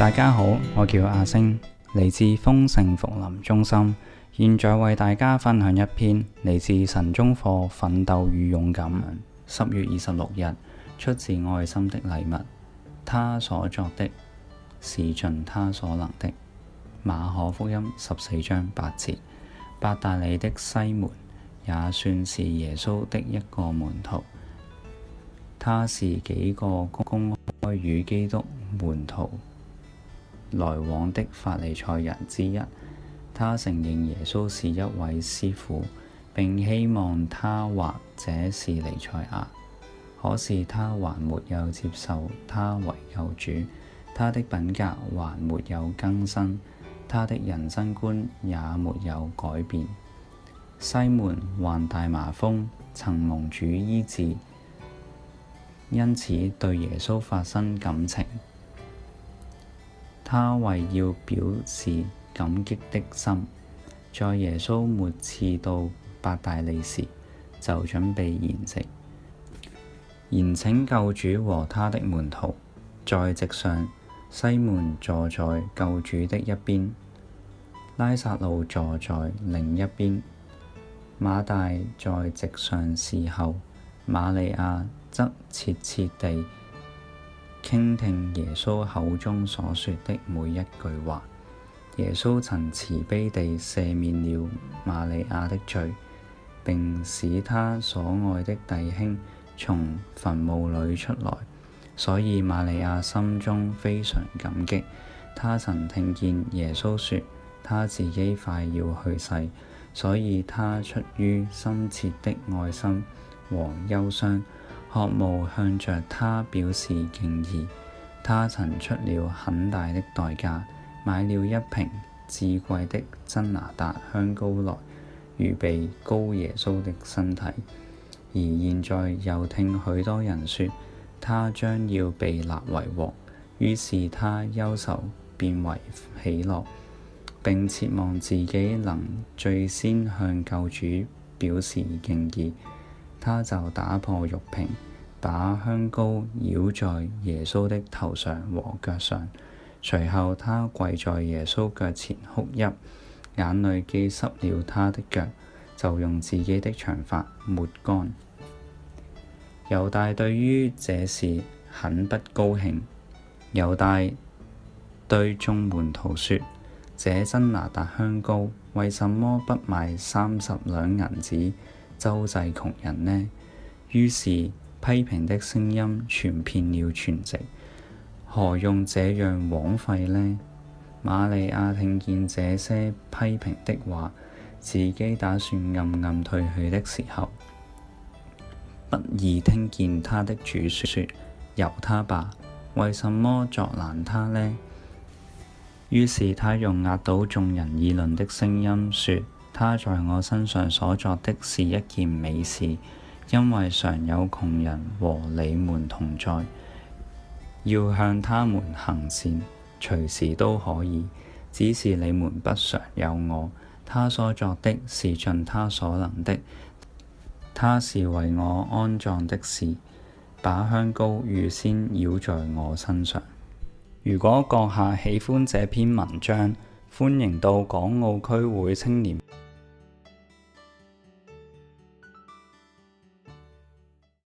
大家好，我叫阿星，嚟自豐盛福林中心，現在為大家分享一篇嚟自神中課《奮鬥與勇敢》十月二十六日，出自愛心的禮物，他所作的是盡他所能的。馬可福音十四章八節，伯大尼的西門也算是耶穌的一個門徒，他是幾個公開與基督門徒。來往的法利賽人之一，他承認耶穌是一位師傅，並希望他或者是彌賽亞。可是他還沒有接受他為救主，他的品格還沒有更新，他的人生觀也沒有改變。西門患大麻風，曾蒙主醫治，因此對耶穌發生感情。他為要表示感激的心，在耶穌末次到伯大尼時，就準備筵席，宴請救主和他的門徒。在席上，西門坐在救主的一邊，拉撒路坐在另一邊，馬大在席上侍候，馬利亞則切切地傾聽耶穌口中所說的每一句話。耶穌曾慈悲地赦免了瑪利亞的罪，並使他所愛的弟兄從墳墓裏出來。所以瑪利亞心中非常感激。他曾聽見耶穌說，他自己快要去世，所以他出於深切的愛心和憂傷。渴慕向着他表示敬意，他曾出了很大的代價買了一瓶至貴的真哪噠香膏來預備高耶穌的身體。而現在又聽許多人說他將要被立為王，於是他憂愁變為喜樂，並設望自己能最先向救主表示敬意。他就打破玉瓶，把香膏繞在耶穌的頭上和腳上。隨後，他跪在耶穌腳前哭泣，眼淚浸濕了他的腳，就用自己的長髮抹乾。猶大對於這事很不高興。猶大對眾門徒說：這真拿達香膏，為什麼不賣三十兩銀子？周濟窮人呢？於是批評的聲音傳遍了全席。何用這樣枉費呢？瑪利亞聽見這些批評的話，自己打算暗暗退去的時候，不易聽見他的主説：由他吧，為什麼作難他呢？於是他用壓倒眾人議論的聲音說。他在我身上所做的是一件美事，因為常有窮人和你們同在，要向他們行善，隨時都可以。只是你們不常有我。他所做的是盡他所能的，他是為我安葬的事，把香膏預先澆在我身上。如果閣下喜歡這篇文章，歡迎到港澳區會青年。